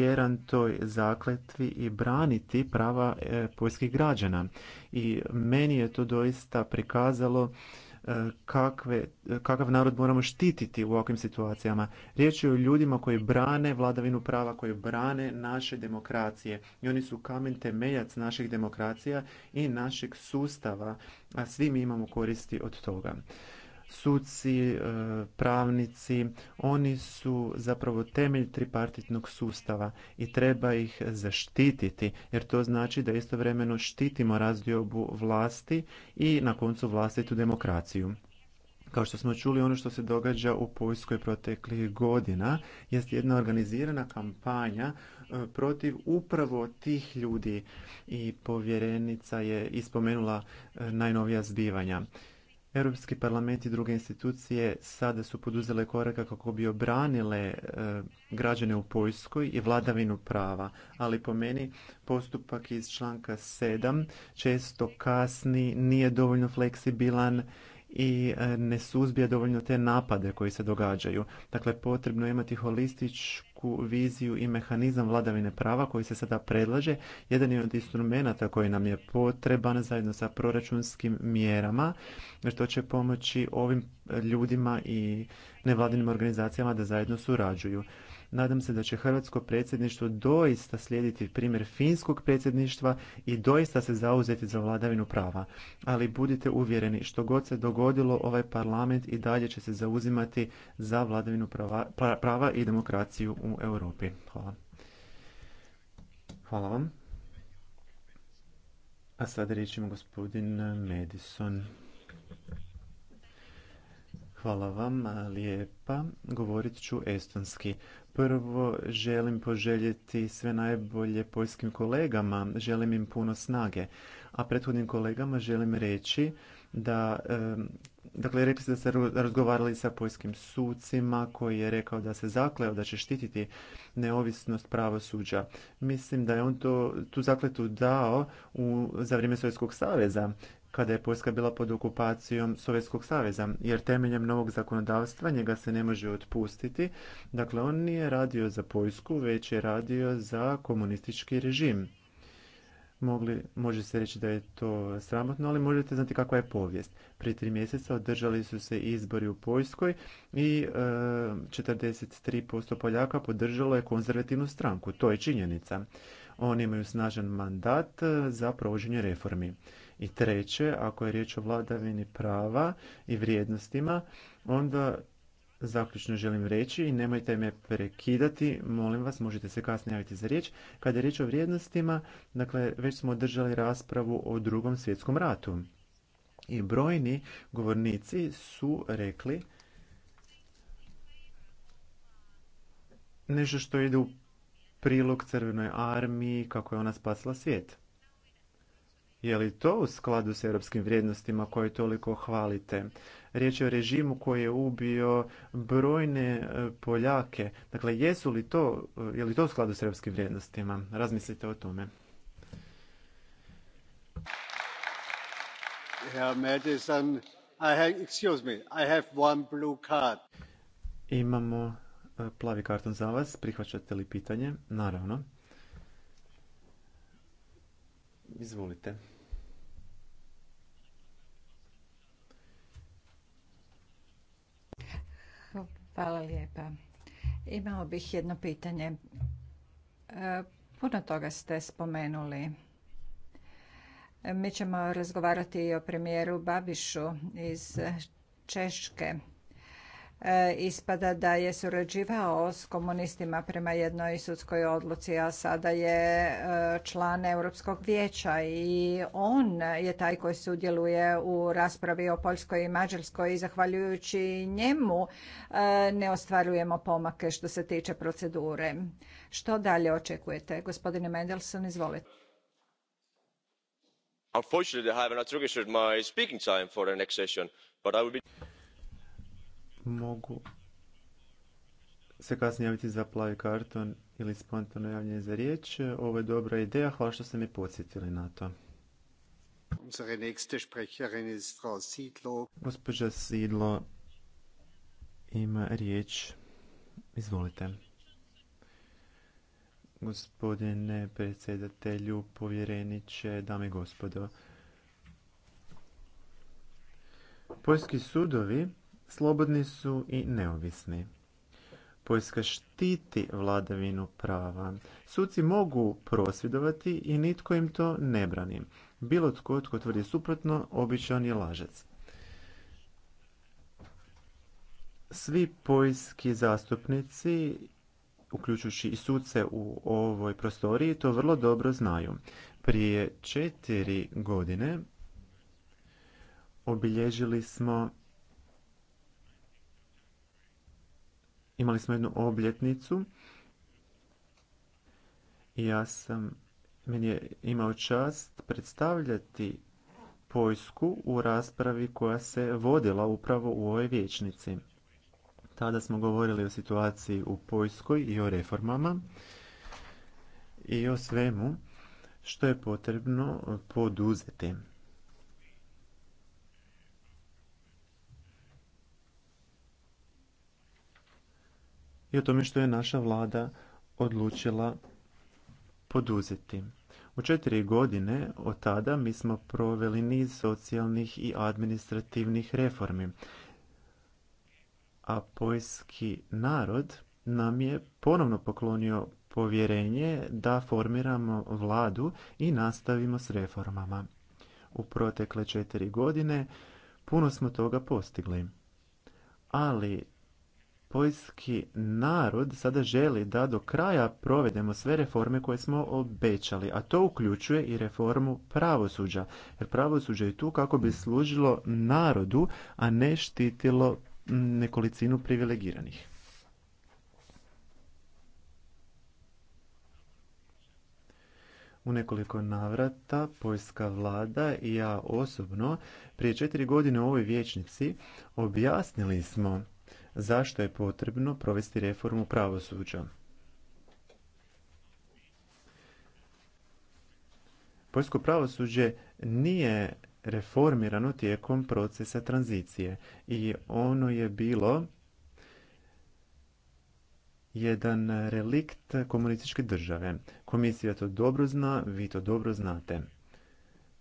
vjeran toj zakletvi i braniti prava e, poljskih građana. I meni je to doista prikazalo e, kakve, kakav narod moramo štititi u ovakvim situacijama. Riječ je o ljudima koji brane vladavinu prava, koji brane naše demokracije i oni su kamen temeljac naših demokracija i našeg sustava, a svi mi imamo koristi od toga suci, e, pravnici, oni su zapravo temelj tripartitnog sustava i treba ih zaštititi jer to znači da istovremeno štitimo razdiobu vlasti i na koncu vlastitu demokraciju. Kao što smo čuli, ono što se događa u Poljskoj proteklih godina jest jedna organizirana kampanja e, protiv upravo tih ljudi i povjerenica je ispomenula e, najnovija zbivanja. Europski parlament i druge institucije sada su poduzele korake kako bi obranile e, građane u Poljskoj i vladavinu prava, ali po meni postupak iz članka 7 često kasni, nije dovoljno fleksibilan i e, ne suzbija dovoljno te napade koji se događaju. Dakle, potrebno je imati holističku viziju i mehanizam vladavine prava koji se sada predlaže jedan je od instrumenata koji nam je potreban zajedno sa proračunskim mjerama što će pomoći ovim ljudima i nevladinim organizacijama da zajedno surađuju. Nadam se da će Hrvatsko predsjedništvo doista slijediti primjer finskog predsjedništva i doista se zauzeti za vladavinu prava. Ali budite uvjereni, što god se dogodilo, ovaj parlament i dalje će se zauzimati za vladavinu prava, prava i demokraciju u Europi. Hvala. Hvala vam. A sada rećemo gospodin Madison. Hvala vam lijepa. Govorit ću estonski. Prvo želim poželjeti sve najbolje poljskim kolegama, želim im puno snage. A prethodnim kolegama želim reći da, dakle rekli ste da ste razgovarali sa poljskim sucima koji je rekao da se zakleo da će štititi neovisnost pravosuđa. Mislim da je on to, tu zakletu dao u, za vrijeme Sovjetskog saveza kada je Poljska bila pod okupacijom Sovjetskog saveza, jer temeljem novog zakonodavstva njega se ne može otpustiti. Dakle, on nije radio za Poljsku, već je radio za komunistički režim. Mogli, može se reći da je to sramotno, ali možete znati kakva je povijest. Prije tri mjeseca održali su se izbori u Poljskoj i e, 43% Poljaka podržalo je konzervativnu stranku. To je činjenica. Oni imaju snažan mandat e, za provođenje reformi. I treće, ako je riječ o vladavini prava i vrijednostima, onda zaključno želim reći i nemojte me prekidati, molim vas, možete se kasnije javiti za riječ. Kada je riječ o vrijednostima, dakle, već smo održali raspravu o drugom svjetskom ratu. I brojni govornici su rekli nešto što ide u prilog crvenoj armiji, kako je ona spasila svijet. Je li to u skladu s europskim vrijednostima koje toliko hvalite? Riječ je o režimu koji je ubio brojne e, Poljake. Dakle, jesu li to, e, je li to u skladu s europskim vrijednostima? Razmislite o tome. Imamo plavi karton za vas. Prihvaćate li pitanje? Naravno. Izvolite. Hvala lijepa. Imao bih jedno pitanje. E, puno toga ste spomenuli. Mi ćemo razgovarati i o premijeru Babišu iz Češke E, ispada da je surađivao s komunistima prema jednoj sudskoj odluci, a sada je e, član Europskog vijeća i on je taj koji sudjeluje u raspravi o Poljskoj i Mađarskoj i zahvaljujući njemu e, ne ostvarujemo pomake što se tiče procedure. Što dalje očekujete? Gospodine Mendelson, izvolite mogu se kasnije javiti za plavi karton ili spontano javljanje za riječ. Ovo je dobra ideja, hvala što ste mi podsjetili na to. Gospođa Sidlo ima riječ. Izvolite. Gospodine predsjedatelju, povjereniče, dame i gospodo. Poljski sudovi slobodni su i neovisni. Poljska štiti vladavinu prava. Suci mogu prosvjedovati i nitko im to ne brani. Bilo tko tko tvrdi suprotno, običan je lažec. Svi poljski zastupnici, uključujući i suce u ovoj prostoriji, to vrlo dobro znaju. Prije četiri godine obilježili smo imali smo jednu obljetnicu i ja sam, meni je imao čast predstavljati Poljsku u raspravi koja se vodila upravo u ovoj vijećnici. Tada smo govorili o situaciji u pojskoj i o reformama i o svemu što je potrebno poduzeti. i o tome što je naša vlada odlučila poduzeti. U četiri godine od tada mi smo proveli niz socijalnih i administrativnih reformi, a poljski narod nam je ponovno poklonio povjerenje da formiramo vladu i nastavimo s reformama. U protekle četiri godine puno smo toga postigli, ali poljski narod sada želi da do kraja provedemo sve reforme koje smo obećali, a to uključuje i reformu pravosuđa. Jer pravosuđe je tu kako bi služilo narodu, a ne štitilo nekolicinu privilegiranih. U nekoliko navrata poljska vlada i ja osobno prije četiri godine u ovoj vijećnici objasnili smo zašto je potrebno provesti reformu pravosuđa. Poljsko pravosuđe nije reformirano tijekom procesa tranzicije i ono je bilo jedan relikt komunističke države. Komisija to dobro zna, vi to dobro znate.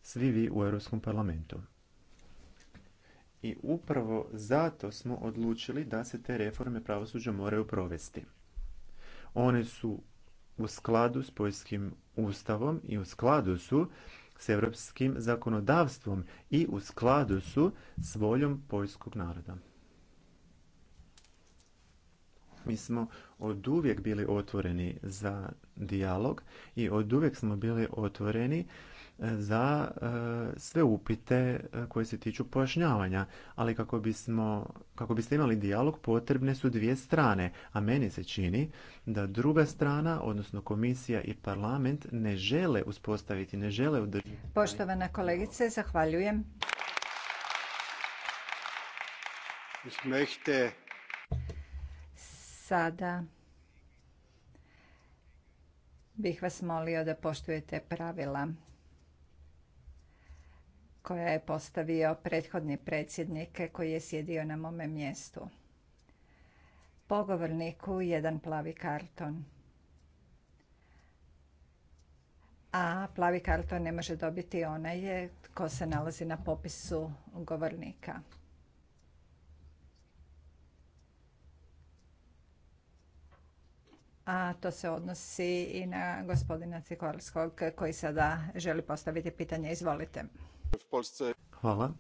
Svi vi u Europskom parlamentu i upravo zato smo odlučili da se te reforme pravosuđa moraju provesti. One su u skladu s poljskim ustavom i u skladu su s europskim zakonodavstvom i u skladu su s voljom poljskog naroda. Mi smo oduvijek bili otvoreni za dijalog i oduvijek smo bili otvoreni za e, sve upite e, koji se tiču pojašnjavanja, ali kako, bismo, kako biste imali dijalog potrebne su dvije strane, a meni se čini da druga strana, odnosno komisija i parlament, ne žele uspostaviti, ne žele održati. Poštovana kolegice, zahvaljujem. Sada bih vas molio da poštujete pravila koja je postavio prethodni predsjednik koji je sjedio na mome mjestu. Pogovorniku jedan plavi karton. A plavi karton ne može dobiti onaj je se nalazi na popisu govornika. a to se odnosi i na gospodina Cikorskog koji sada želi postaviti pitanje. Izvolite. Hvala.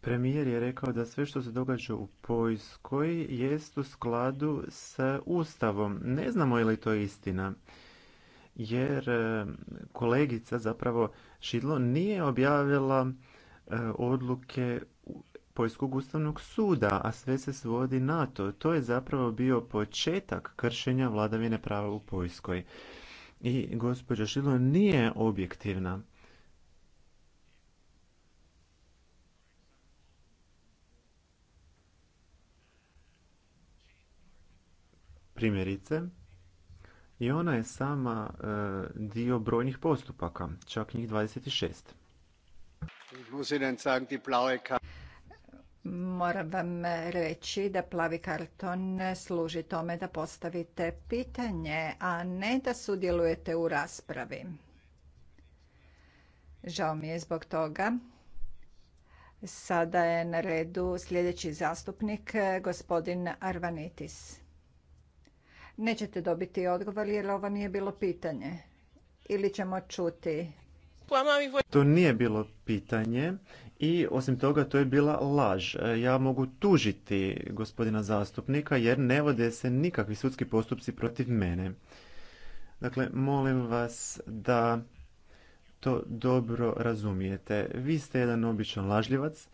Premijer je rekao da sve što se događa u Poljskoj jest u skladu s Ustavom. Ne znamo je li to istina, jer e, kolegica zapravo Šidlo nije objavila e, odluke Poljskog ustavnog suda, a sve se svodi na to. To je zapravo bio početak kršenja vladavine prava u Poljskoj. I gospođa Šidlo nije objektivna. primjerice i ona je sama e, dio brojnih postupaka, čak njih 26. Moram vam reći da plavi karton služi tome da postavite pitanje, a ne da sudjelujete u raspravi. Žao mi je zbog toga. Sada je na redu sljedeći zastupnik, gospodin Arvanitis. Nećete dobiti odgovor jer ovo nije bilo pitanje. Ili ćemo čuti. To nije bilo pitanje i osim toga to je bila laž. Ja mogu tužiti gospodina zastupnika jer ne vode se nikakvi sudski postupci protiv mene. Dakle, molim vas da to dobro razumijete. Vi ste jedan običan lažljivac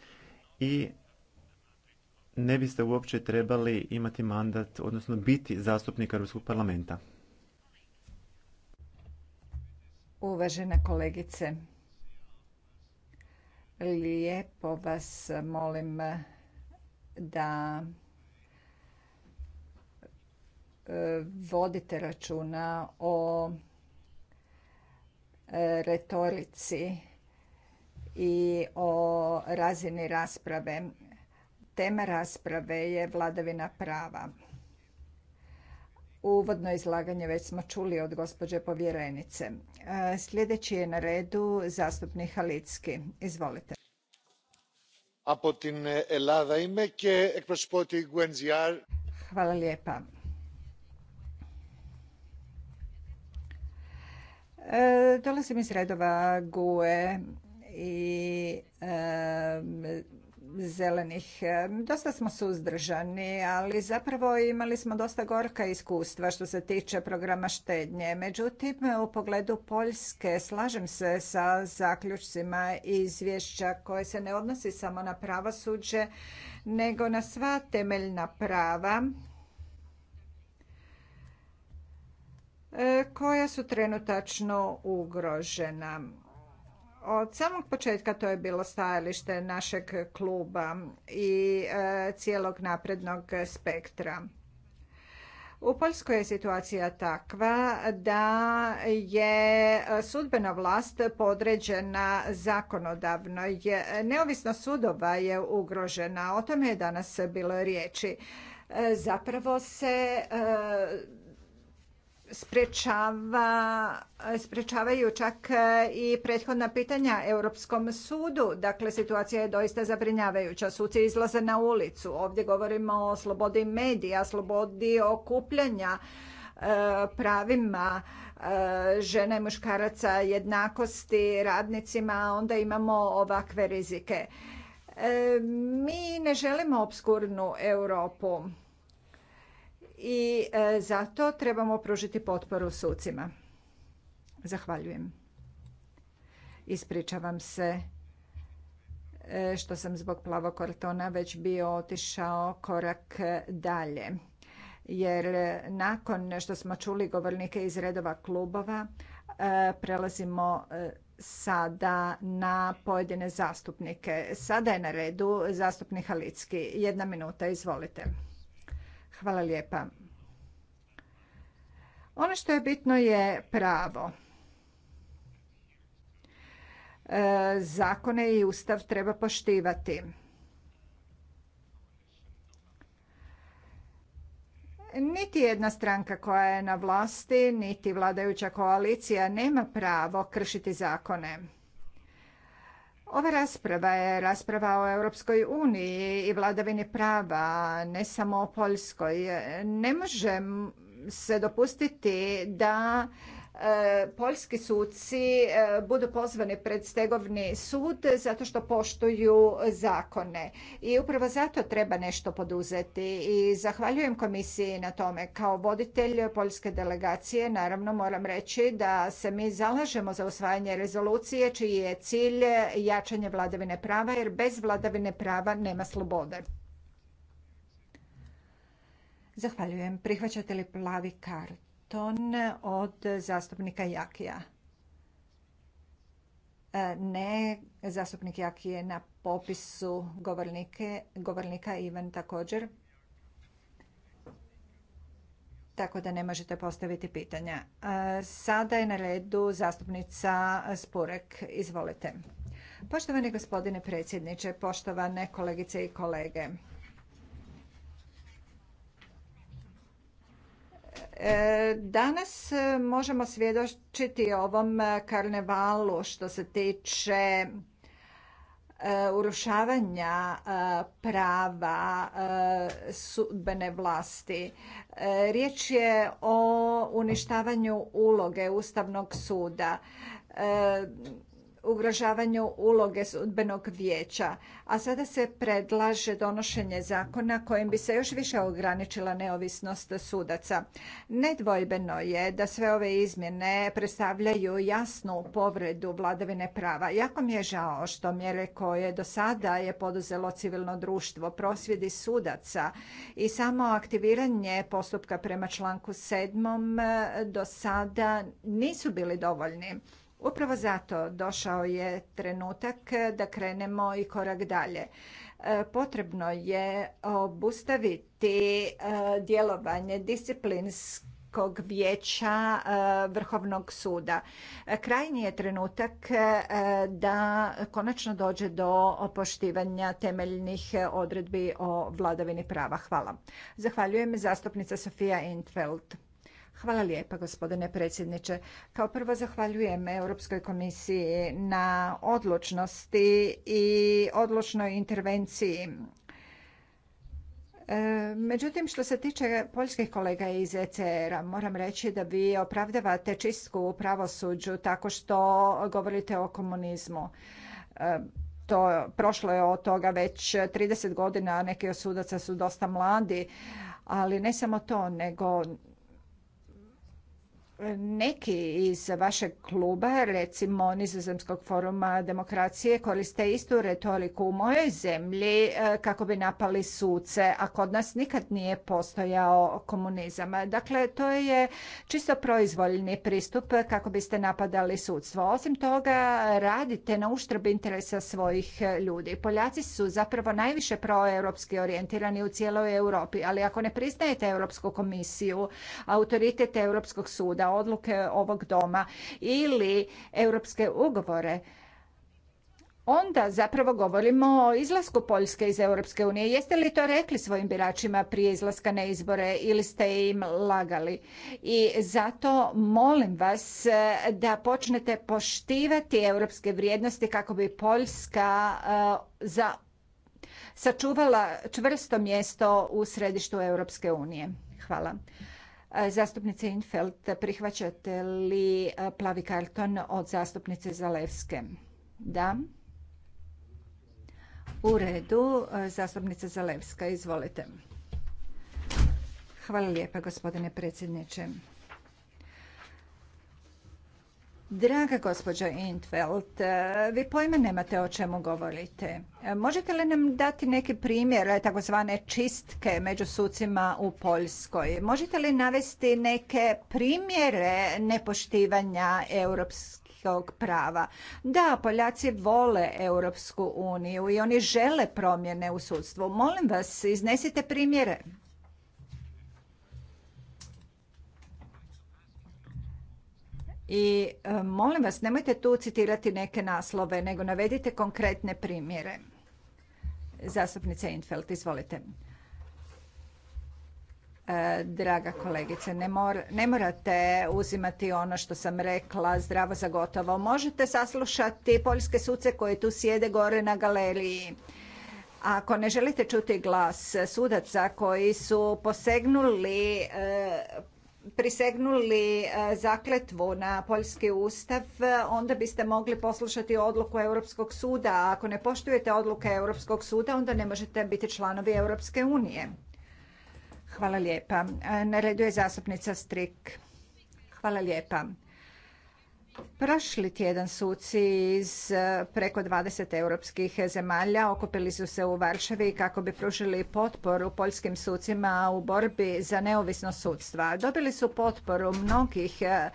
i ne biste uopće trebali imati mandat, odnosno biti zastupnik Europskog parlamenta. Uvažena kolegice, lijepo vas molim da e, vodite računa o e, retorici i o razini rasprave Tema rasprave je vladavina prava. Uvodno izlaganje već smo čuli od gospođe povjerenice. E, sljedeći je na redu zastupnik Halicki. Izvolite. Hvala lijepa. dolazim iz redova GUE i zelenih. Dosta smo suzdržani, ali zapravo imali smo dosta gorka iskustva što se tiče programa štednje. Međutim, u pogledu Poljske slažem se sa zaključcima izvješća koje se ne odnosi samo na pravosuđe, nego na sva temeljna prava e, koja su trenutačno ugrožena od samog početka to je bilo stajalište našeg kluba i e, cijelog naprednog spektra. U Poljskoj je situacija takva da je sudbena vlast podređena zakonodavnoj. Neovisno sudova je ugrožena, o tome je danas bilo riječi. E, zapravo se e, sprečavaju čak e, i prethodna pitanja Europskom sudu. Dakle, situacija je doista zabrinjavajuća. Suci izlaze na ulicu. Ovdje govorimo o slobodi medija, slobodi okupljanja, e, pravima e, žena i muškaraca, jednakosti, radnicima, onda imamo ovakve rizike. Mi ne želimo obskurnu Europu i e, zato trebamo pružiti potporu sucima. Zahvaljujem. Ispričavam se e, što sam zbog plavog kortona već bio otišao korak e, dalje. Jer nakon što smo čuli govornike iz redova klubova, prelazimo sada na pojedine zastupnike. Sada je na redu zastupnik Halicki. Jedna minuta, izvolite. Hvala lijepa. Ono što je bitno je pravo. E, zakone i ustav treba poštivati. Niti jedna stranka koja je na vlasti, niti vladajuća koalicija nema pravo kršiti zakone. Ova rasprava je rasprava o Europskoj uniji i vladavini prava, ne samo o Poljskoj. Ne može se dopustiti da E, poljski suci e, budu pozvani pred stegovni sud zato što poštuju zakone. I upravo zato treba nešto poduzeti. I zahvaljujem komisiji na tome. Kao voditelj poljske delegacije naravno moram reći da se mi zalažemo za usvajanje rezolucije čiji je cilj jačanje vladavine prava jer bez vladavine prava nema slobode. Zahvaljujem. Prihvaćate li plavi kart? ton od zastupnika Jakija. E, ne, zastupnik Jaki je na popisu govornika Ivan također. Tako da ne možete postaviti pitanja. E, sada je na redu zastupnica Spurek. Izvolite. Poštovani gospodine predsjedniče, poštovane kolegice i kolege. E, danas e, možemo svjedočiti ovom e, karnevalu što se tiče urušavanja prava sudbene vlasti. Riječ je o uništavanju uloge Ustavnog suda ugrožavanju uloge sudbenog vijeća, a sada se predlaže donošenje zakona kojim bi se još više ograničila neovisnost sudaca. Nedvojbeno je da sve ove izmjene predstavljaju jasnu povredu vladavine prava. Jako mi je žao što mjere koje do sada je poduzelo civilno društvo, prosvjedi sudaca i samo aktiviranje postupka prema članku 7. do sada nisu bili dovoljni. Upravo zato došao je trenutak da krenemo i korak dalje. E, potrebno je obustaviti e, djelovanje disciplinskog vijeća e, Vrhovnog suda. Krajnji je trenutak da konačno dođe do opoštivanja temeljnih odredbi o vladavini prava. Hvala. Zahvaljujem zastupnica Sofija Intveld. Hvala lijepa gospodine predsjedniče. Kao prvo zahvaljujem Europskoj komisiji na odlučnosti i odlučnoj intervenciji. E, međutim, što se tiče poljskih kolega iz ECR-a, moram reći da vi opravdavate čistku u pravosuđu tako što govorite o komunizmu. E, to prošlo je od toga već 30 godina, neki od sudaca su dosta mladi, ali ne samo to, nego neki iz vašeg kluba, recimo Nizozemskog foruma demokracije, koriste istu retoriku u mojoj zemlji e, kako bi napali suce, a kod nas nikad nije postojao komunizam. Dakle, to je čisto proizvoljni pristup kako biste napadali sudstvo. Osim toga, radite na uštrb interesa svojih ljudi. Poljaci su zapravo najviše proeuropski orijentirani u cijeloj Europi, ali ako ne priznajete Europsku komisiju, autoritet Europskog suda, odluke ovog doma ili europske ugovore, onda zapravo govorimo o izlasku Poljske iz Europske unije. Jeste li to rekli svojim biračima prije izlaska na izbore ili ste im lagali? I zato molim vas da počnete poštivati europske vrijednosti kako bi Poljska eh, za sačuvala čvrsto mjesto u središtu Europske unije. Hvala. E, zastupnice Infeld, prihvaćate li e, plavi karton od zastupnice Zalevske? Da. U redu, e, zastupnica Zalevska, izvolite. Hvala lijepa, gospodine predsjedniče. Draga gospođo Intveld, e, vi pojma nemate o čemu govorite. E, možete li nam dati neki primjere, takozvane čistke među sucima u Poljskoj? Možete li navesti neke primjere nepoštivanja europskog prava? Da, Poljaci vole Europsku uniju i oni žele promjene u sudstvu. Molim vas, iznesite primjere. I e, molim vas, nemojte tu citirati neke naslove, nego navedite konkretne primjere. Zastupnica Infeld, izvolite. E, draga kolegice, ne, ne morate uzimati ono što sam rekla zdravo za gotovo. Možete saslušati poljske suce koji tu sjede gore na galeriji. Ako ne želite čuti glas sudaca koji su posegnuli e, prisegnuli e, zakletvu na poljski ustav, e, onda biste mogli poslušati odluku Europskog suda. A ako ne poštujete odluke Europskog suda, onda ne možete biti članovi Europske unije. Hvala lijepa. E, na redu je zastupnica Strik. Hvala lijepa. Prošli tjedan suci iz eh, preko 20 europskih zemalja okupili su se u Varšavi kako bi pružili potporu poljskim sucima u borbi za neovisno sudstva. Dobili su potporu mnogih eh,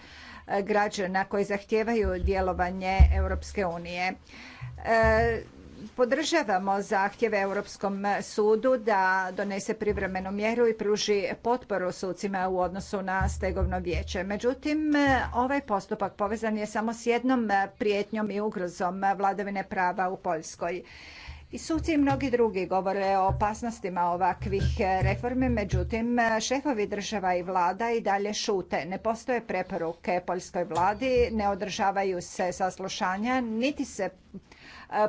građana koji zahtijevaju djelovanje Europske unije. Eh, podržavamo zahtjeve Europskom sudu da donese privremenu mjeru i pruži potporu sucima u odnosu na stegovno vijeće. Međutim, ovaj postupak povezan je samo s jednom prijetnjom i ugrozom vladavine prava u Poljskoj. I suci i mnogi drugi govore o opasnostima ovakvih reformi, međutim šefovi država i vlada i dalje šute. Ne postoje preporuke poljskoj vladi, ne održavaju se saslušanja, niti se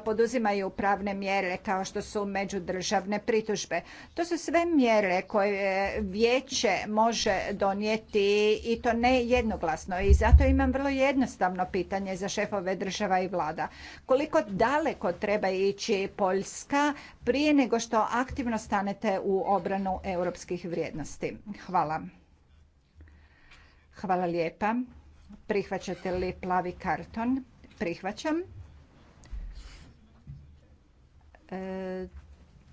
poduzimaju pravne mjere kao što su međudržavne pritužbe. To su sve mjere koje vijeće može donijeti i to ne jednoglasno i zato imam vrlo jednostavno pitanje za šefove država i vlada. Koliko daleko treba ići Poljska prije nego što aktivno stanete u obranu europskih vrijednosti? Hvala. Hvala lijepa. Prihvaćate li plavi karton? Prihvaćam. E,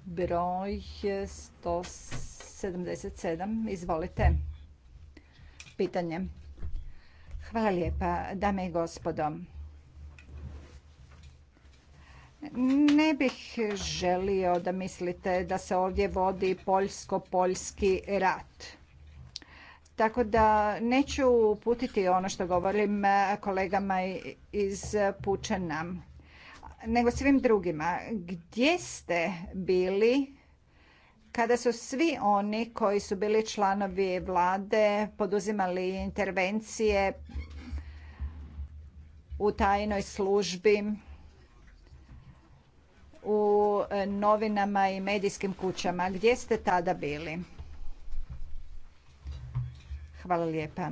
broj 177. Izvolite. Pitanje. Hvala lijepa, dame i gospodo. Ne bih želio da mislite da se ovdje vodi poljsko-poljski rat. Tako da neću uputiti ono što govorim kolegama iz nam nego svim drugima. Gdje ste bili kada su svi oni koji su bili članovi vlade poduzimali intervencije u tajnoj službi, u novinama i medijskim kućama. Gdje ste tada bili? Hvala lijepa.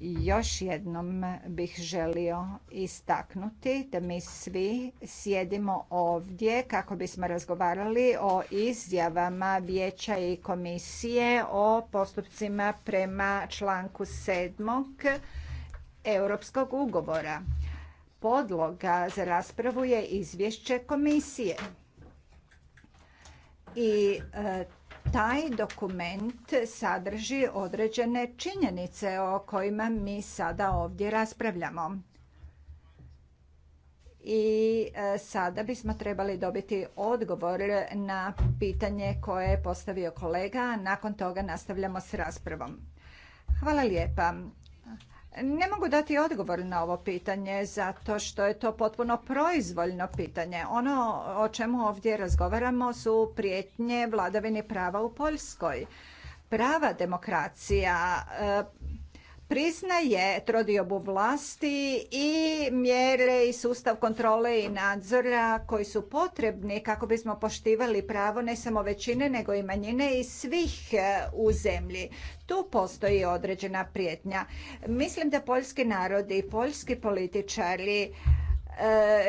Još jednom bih želio istaknuti da mi svi sjedimo ovdje kako bismo razgovarali o izjavama vijeća i komisije o postupcima prema članku 7. Europskog ugovora. Podloga za raspravu je izvješće komisije. I e, taj dokument sadrži određene činjenice o kojima mi sada ovdje raspravljamo. I e, sada bismo trebali dobiti odgovor na pitanje koje je postavio kolega, nakon toga nastavljamo s raspravom. Hvala lijepa. Ne mogu dati odgovor na ovo pitanje zato što je to potpuno proizvoljno pitanje. Ono o čemu ovdje razgovaramo su prijetnje vladavini prava u Poljskoj. Prava demokracija, priznaje trodiobu vlasti i mjere i sustav kontrole i nadzora koji su potrebni kako bismo poštivali pravo ne samo većine nego i manjine i svih e, u zemlji. Tu postoji određena prijetnja. Mislim da poljski narodi i poljski političari e,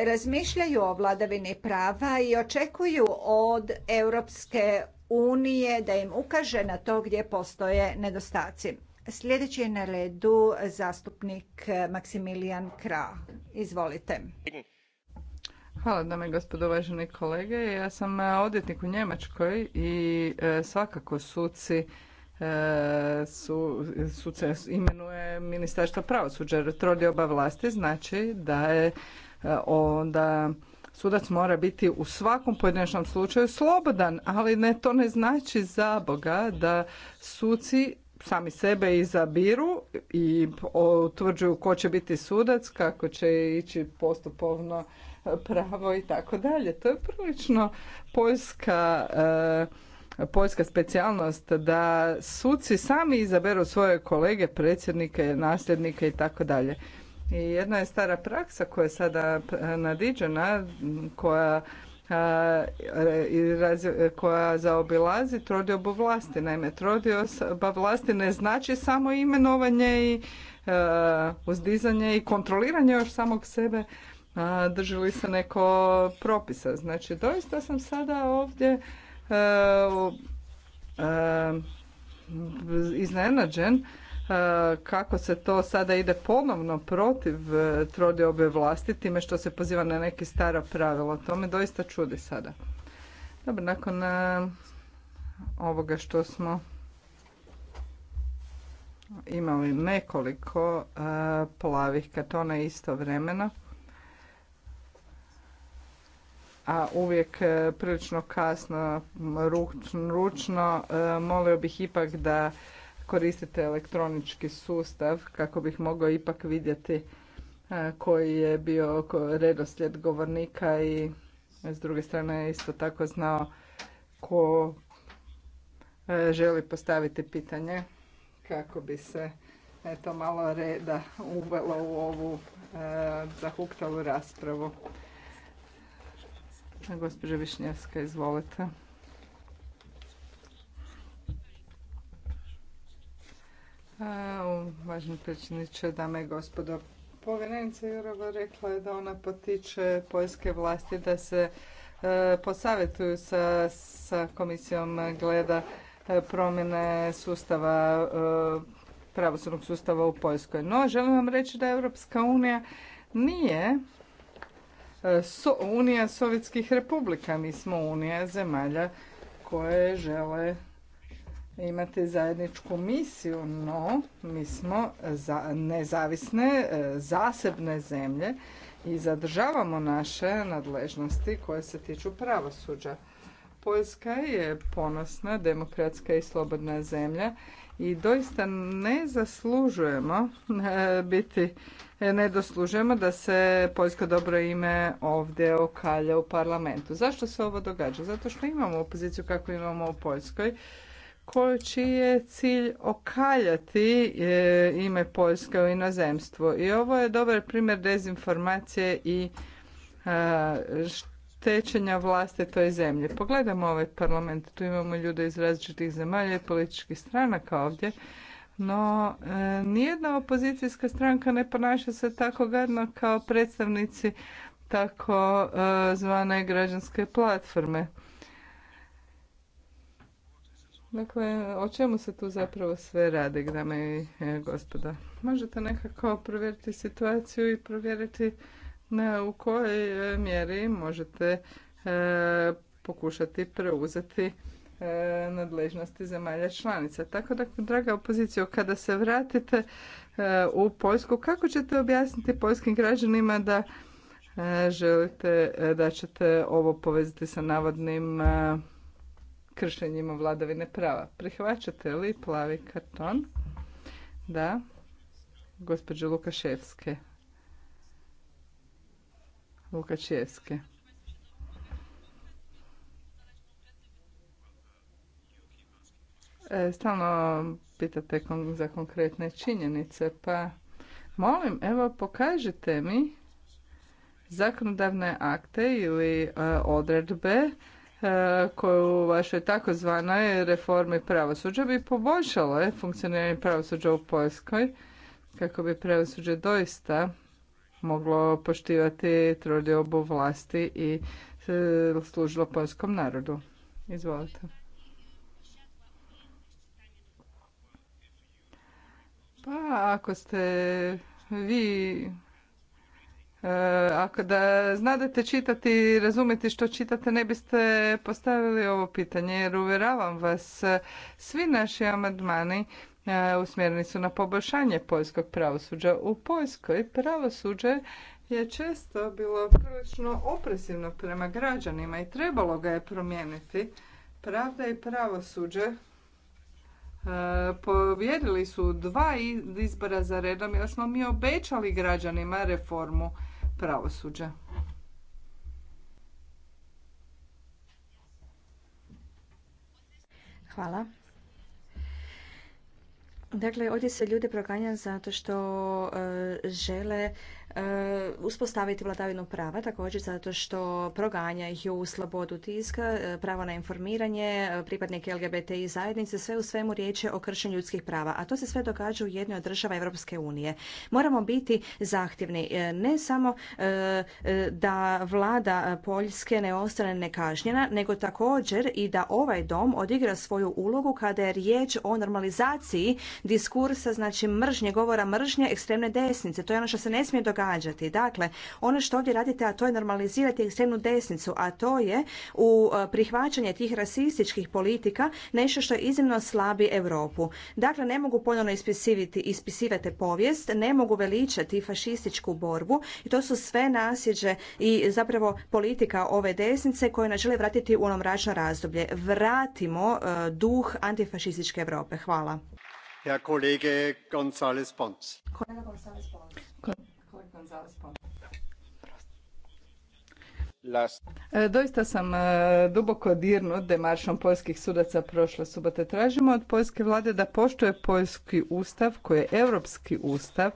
razmišljaju o vladavini prava i očekuju od Europske unije da im ukaže na to gdje postoje nedostaci. Sljedeći je na redu zastupnik Maksimilijan Kra. Izvolite. Hvala dame i gospodo uvaženi kolege. Ja sam odvjetnik u Njemačkoj i e, svakako suci e, su, suce imenuje Ministarstvo pravosuđa jer oba vlasti znači da je e, onda sudac mora biti u svakom pojedinačnom slučaju slobodan, ali ne, to ne znači za Boga da suci sami sebe izabiru i utvrđuju ko će biti sudac, kako će ići postupovno pravo i tako dalje. To je prilično poljska e, poljska specijalnost da suci sami izaberu svoje kolege, predsjednike, nasljednike i tako dalje. I jedna je stara praksa koja je sada nadiđena, koja koja zaobilazi trodiobu vlasti. Naime, trodioba vlasti ne znači samo imenovanje i uzdizanje i kontroliranje još samog sebe li se neko propisa. Znači, doista sam sada ovdje iznenađen E, kako se to sada ide ponovno protiv e, trodiobe vlasti time što se poziva na neki stara pravila. To me doista čudi sada. Dobro, nakon e, ovoga što smo imali nekoliko plavih isto vremena a uvijek prilično kasno, ručno, molio bih ipak da koristite elektronički sustav kako bih mogao ipak vidjeti e, koji je bio redoslijed govornika i s druge strane je isto tako znao ko e, želi postaviti pitanje kako bi se eto malo reda uvelo u ovu e, zahuktalu raspravu. Gospođa Višnjevska, izvolite. E, Uvaženi predsjedniče, dame i gospodo. Povjerenica Jurova rekla je da ona potiče poljske vlasti da se e, posavjetuju sa, komisijom gleda e, promjene sustava pravosudnog sustava u Poljskoj. No, želim vam reći da Europska unija nije unija sovjetskih republika. Mi smo unija zemalja koje žele imati zajedničku misiju, no mi smo za, nezavisne, e, zasebne zemlje i zadržavamo naše nadležnosti koje se tiču pravosuđa. Poljska je ponosna, demokratska i slobodna zemlja i doista ne zaslužujemo e, biti, e, ne doslužujemo da se Poljsko dobro ime ovdje okalja u parlamentu. Zašto se ovo događa? Zato što imamo opoziciju kako imamo u Poljskoj koju čiji je cilj okaljati e, ime Poljske u inozemstvu. I ovo je dobar primjer dezinformacije i e, štećenja toj zemlji. Pogledamo ovaj parlament, tu imamo ljude iz različitih zemalja i političkih stranaka ovdje, no e, nijedna opozicijska stranka ne ponaša se tako gadno kao predstavnici tako zvane građanske platforme. Dakle, o čemu se tu zapravo sve radi, dame i e, gospoda? Možete nekako provjeriti situaciju i provjeriti na, e, u kojoj e, mjeri možete pokušati preuzeti e, nadležnosti zemalja članica. Tako da, draga opozicija, kada se vratite u Poljsku, kako ćete objasniti poljskim građanima da želite, da ćete ovo povezati sa navodnim kršenjima vladavine prava. Prihvaćate li plavi karton? Da. Gospođe Lukaševske. Lukaševske. E, stalno pitate za konkretne činjenice, pa molim, evo pokažite mi zakonodavne akte ili e, odredbe E, koju u vašoj takozvanoj reformi pravosuđa bi poboljšale funkcioniranje pravosuđa u Poljskoj kako bi pravosuđe doista moglo poštivati trodiobu vlasti i e, služilo poljskom narodu. Izvolite. Pa ako ste vi ako da znate čitati i razumjeti što čitate, ne biste postavili ovo pitanje, jer uvjeravam vas, svi naši amandmani e, usmjereni su na poboljšanje poljskog pravosuđa. U Poljskoj pravosuđe je često bilo prilično opresivno prema građanima i trebalo ga je promijeniti. Pravda i pravosuđe e, povjerili su dva izbora za redom jer smo mi obećali građanima reformu pravosuđa. Hvala. Dakle, ovdje se ljude proganja zato što e, žele E, uspostaviti vladavinu prava također zato što proganja ih u slobodu tiska, e, pravo na informiranje, e, pripadnike LGBTI zajednice, sve u svemu riječ je o kršenju ljudskih prava, a to se sve događa u jednoj od država Europske unije. Moramo biti zahtjevni, ne samo da vlada Poljske ne ostane nekažnjena, nego također i da ovaj dom odigra svoju ulogu kada je riječ o normalizaciji diskursa, znači mržnje, govora mržnje, ekstremne desnice. To je ono što se ne smije događati događati. Dakle, ono što ovdje radite, a to je normalizirati ekstremnu desnicu, a to je u e, prihvaćanje tih rasističkih politika nešto što iznimno slabi Europu. Dakle, ne mogu ponovno ispisivati, povijest, ne mogu veličati fašističku borbu i to su sve nasjeđe i zapravo politika ove desnice koje nas žele vratiti u onom mračno razdoblje. Vratimo e, duh antifašističke Europe. Hvala. Ja, kolege González Pons. Kolega González Pons. E, doista sam e, duboko dirnut demaršom poljskih sudaca prošle subote. Tražimo od poljske vlade da poštuje poljski ustav koji je europski ustav,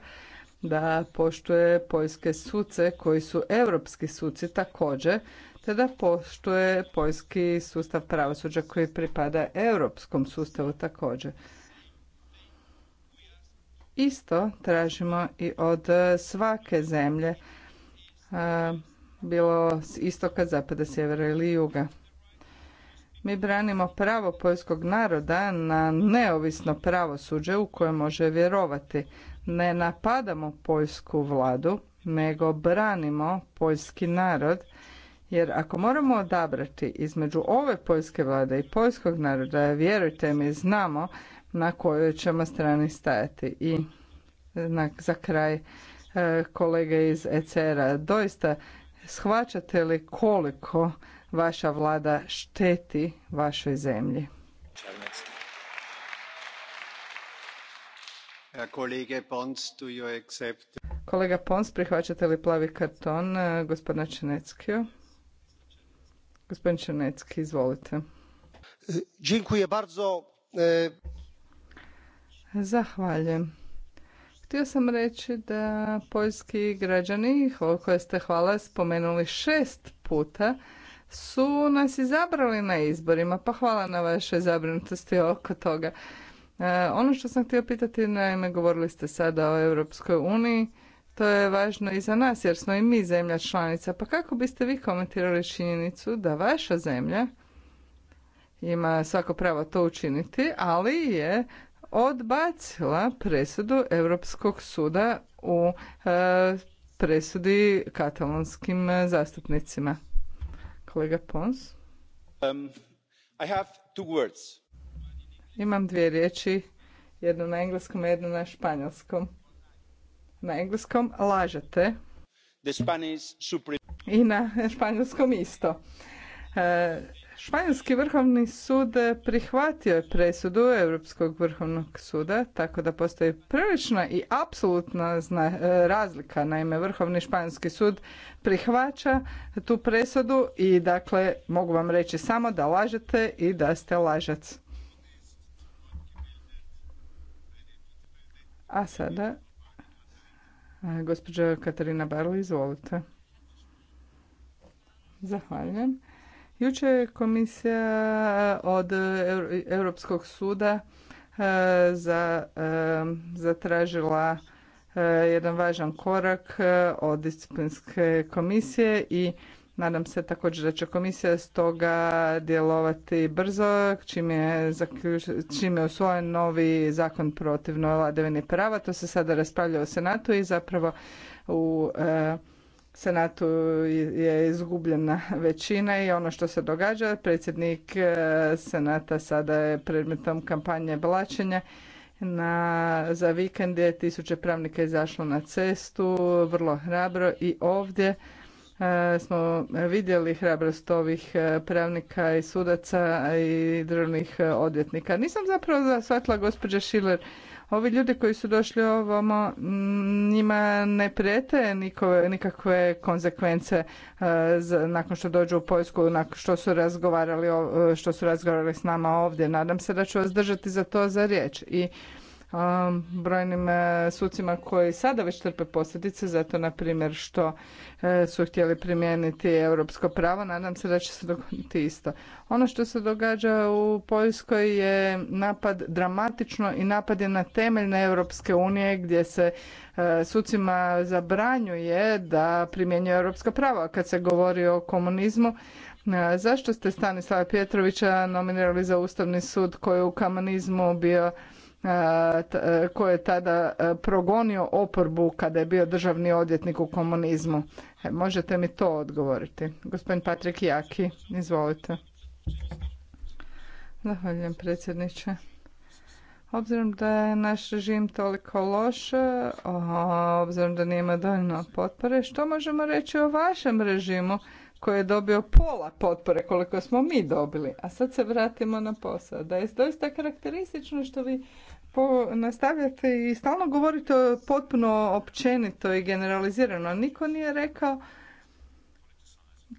da poštuje poljske suce koji su europski suci također, te da poštuje poljski sustav pravosuđa koji pripada europskom sustavu također isto tražimo i od svake zemlje, bilo s istoka, zapada, sjevera ili juga. Mi branimo pravo poljskog naroda na neovisno pravosuđe u koje može vjerovati. Ne napadamo poljsku vladu, nego branimo poljski narod, jer ako moramo odabrati između ove poljske vlade i poljskog naroda, vjerujte mi, znamo na kojoj ćemo strani stajati. I za kraj e, kolege iz ECR-a, doista shvaćate li koliko vaša vlada šteti vašoj zemlji? Kolega Pons, prihvaćate li plavi karton e, gospodina Čeneckio. Gospodin Čenecki, izvolite. Dziękuję bardzo. E, Zahvaljujem. Htio sam reći da poljski građani, koje ste hvala spomenuli šest puta, su nas izabrali na izborima, pa hvala na vaše zabrinutosti oko toga. E, ono što sam htio pitati, naime, govorili ste sada o Europskoj uniji, to je važno i za nas jer smo i mi zemlja članica. Pa kako biste vi komentirali činjenicu da vaša zemlja ima svako pravo to učiniti, ali je odbacila presudu Europskog suda u e, presudi katalonskim zastupnicima. Kolega Pons. Um, Imam dvije riječi, jednu na engleskom i jednu na španjolskom. Na engleskom lažete. I na španjolskom isto. E, Španjolski vrhovni sud prihvatio je presudu Europskog vrhovnog suda, tako da postoji prilična i apsolutna e, razlika. Naime, Vrhovni španjolski sud prihvaća tu presudu i dakle mogu vam reći samo da lažete i da ste lažac. A sada, e, gospođa Katarina Barli, izvolite. Zahvaljujem. Jučer je komisija eh, od Europskog suda eh, za, eh, zatražila jedan važan korak od disciplinske komisije i nadam se također da će komisija stoga djelovati brzo čim je, čim je usvojen novi zakon protiv vladavine prava. To se sada raspravlja u Senatu i zapravo u Senatu je izgubljena većina i ono što se događa, predsjednik e, Senata sada je predmetom kampanje blačenja. Na, za vikend je tisuće pravnika izašlo na cestu, vrlo hrabro i ovdje e, smo vidjeli hrabrost ovih e, pravnika i sudaca i državnih odvjetnika. Nisam zapravo shvatila gospođa Šiler Ovi ljudi koji su došli ovamo, njima ne prijete nikakve konsekvence e, nakon što dođu u Poljsku, nakon što su razgovarali, e, što su razgovarali s nama ovdje. Nadam se da ću vas držati za to za riječ. I brojnim e, sucima koji sada već trpe posljedice, zato na primjer što e, su htjeli primijeniti europsko pravo, nadam se da će se dogoditi isto. Ono što se događa u Poljskoj je napad dramatično i napad je na temeljne Europske unije gdje se e, sucima zabranjuje da primjenjuju Europska prava. kad se govori o komunizmu, zašto ste Stanislava petrovića nominirali za Ustavni sud koji je u komunizmu bio E, e, koji je tada e, progonio oporbu kada je bio državni odvjetnik u komunizmu. Možete mi to odgovoriti? Gospodin Patrik Jaki, izvolite. Zahvaljujem predsjedniče. Obzirom da je naš režim toliko loš, obzirom da nema dovoljno potpore, što možemo reći o vašem režimu koji je dobio pola potpore koliko smo mi dobili? A sad se vratimo na posao. Da je doista karakteristično što vi po, nastavljate i stalno govorite potpuno općenito i generalizirano. Niko nije rekao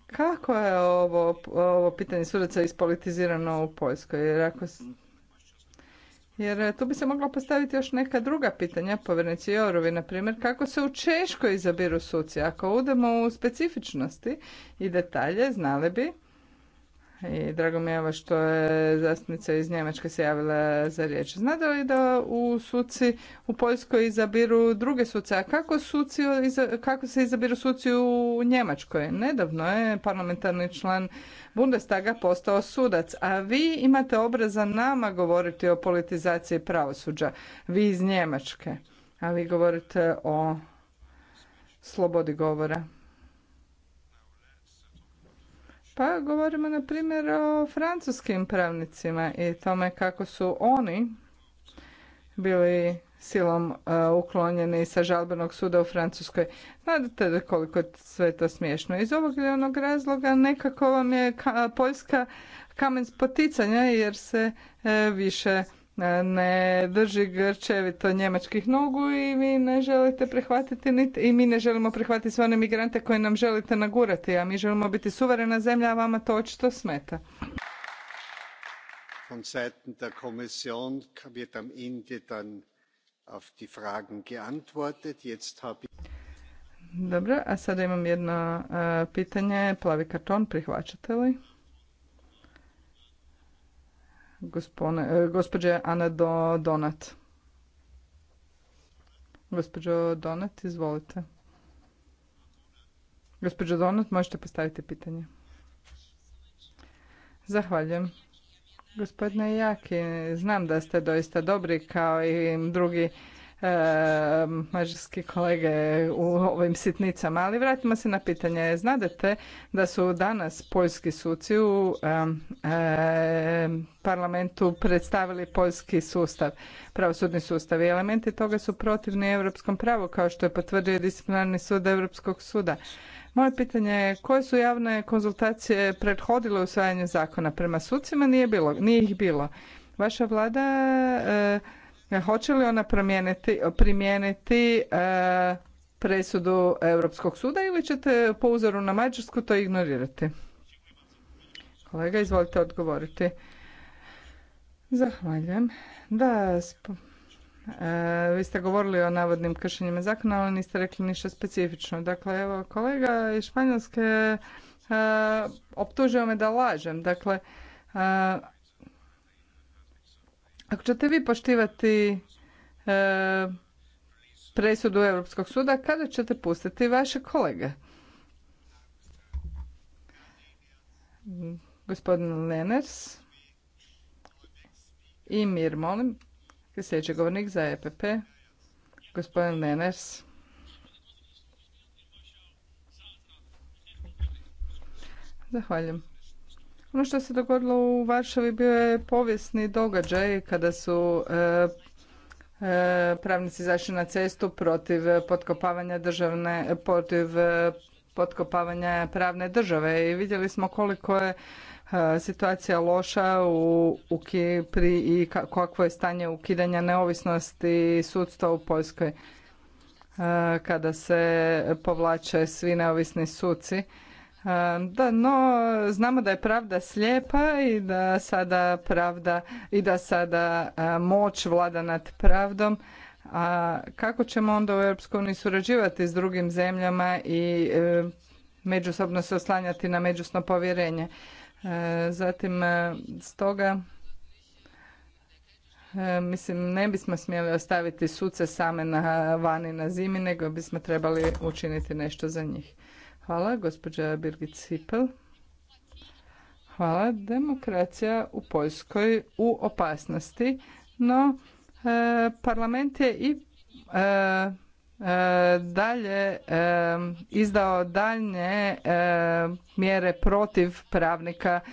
kako je ovo, ovo pitanje sudaca ispolitizirano u Poljskoj. Jer, ako, jer e, tu bi se mogla postaviti još neka druga pitanja, povrnici Jorovi, na primjer, kako se u Češkoj izabiru suci. Ako udemo u specifičnosti i detalje, znali bi i drago mi je što je zastupnica iz Njemačke se javila za riječ. Znate li da u suci u Poljskoj izabiru druge suce, a kako, suci, kako se izabiru suci u Njemačkoj? Nedavno je parlamentarni član Bundestaga postao sudac, a vi imate obraza nama govoriti o politizaciji pravosuđa, vi iz Njemačke, a vi govorite o slobodi govora. Pa govorimo na primjer o francuskim pravnicima i tome kako su oni bili silom e, uklonjeni sa žalbenog suda u Francuskoj. Znate koliko je sve to smiješno. Iz ovog ili onog razloga nekako vam je Poljska kamen spoticanja jer se e, više E, ne drži grčevito njemačkih nogu i vi ne želite prihvatiti niti, i mi ne želimo prihvatiti sve one migrante koje nam želite nagurati, a mi želimo biti suverena zemlja, a vama to očito smeta. Von Seiten der Kommission wird am Ende dann auf die Fragen geantwortet. Jetzt habe Dobro, a sada imam jedno e, pitanje. Plavi karton, prihvaćate li? gospone, e, gospođe Ana Donat. Gospođo Donat, izvolite. Gospođo Donat, možete postaviti pitanje. Zahvaljujem. Gospodine Jaki, znam da ste doista dobri kao i drugi E, mađarski kolege u ovim sitnicama, ali vratimo se na pitanje. Znadete da su danas poljski suci u parlamentu predstavili poljski sustav, pravosudni sustav i elementi toga su protivni europskom pravu, kao što je potvrdio disciplinarni sud Europskog suda. Moje pitanje je koje su javne konzultacije prethodile usvajanju zakona prema sucima? Nije, bilo, nije ih bilo. Vaša vlada E, hoće li ona promijeniti, primijeniti e, presudu Europskog suda ili ćete po uzoru na Mađarsku to ignorirati? Kolega, izvolite odgovoriti. Zahvaljujem. Da, e, vi ste govorili o navodnim kršenjima zakona, ali niste rekli ništa specifično. Dakle, evo, kolega iz Španjolske e, optužio me da lažem. Dakle, ako ćete vi poštivati e, presudu Europskog suda, kada ćete pustiti vaše kolege? Gospodin Leners i Mir, molim. Sljedeći govornik za EPP, gospodin Leners. Zahvaljujem. Ono što se dogodilo u Varšavi bio je povijesni događaj kada su e, e, pravnici izašli na cestu protiv potkopavanja državne, protiv e, potkopavanja pravne države i vidjeli smo koliko je situacija loša u, u i kakvo je stanje ukidanja neovisnosti sudstva u Poljskoj kada se povlače svi neovisni suci E, da, no znamo da je pravda slijepa i da sada pravda i da sada e, moć vlada nad pravdom. A kako ćemo onda u EU surađivati s drugim zemljama i e, međusobno se oslanjati na međusno povjerenje? Zatim, stoga mislim ne bismo smjeli ostaviti suce same na vani na zimi, nego bismo trebali učiniti nešto za njih. Hvala, gospođa Birgit Sipel. Hvala. Demokracija u Poljskoj u opasnosti, no e, parlament je i e, e, dalje e, izdao daljnje e, mjere protiv pravnika e,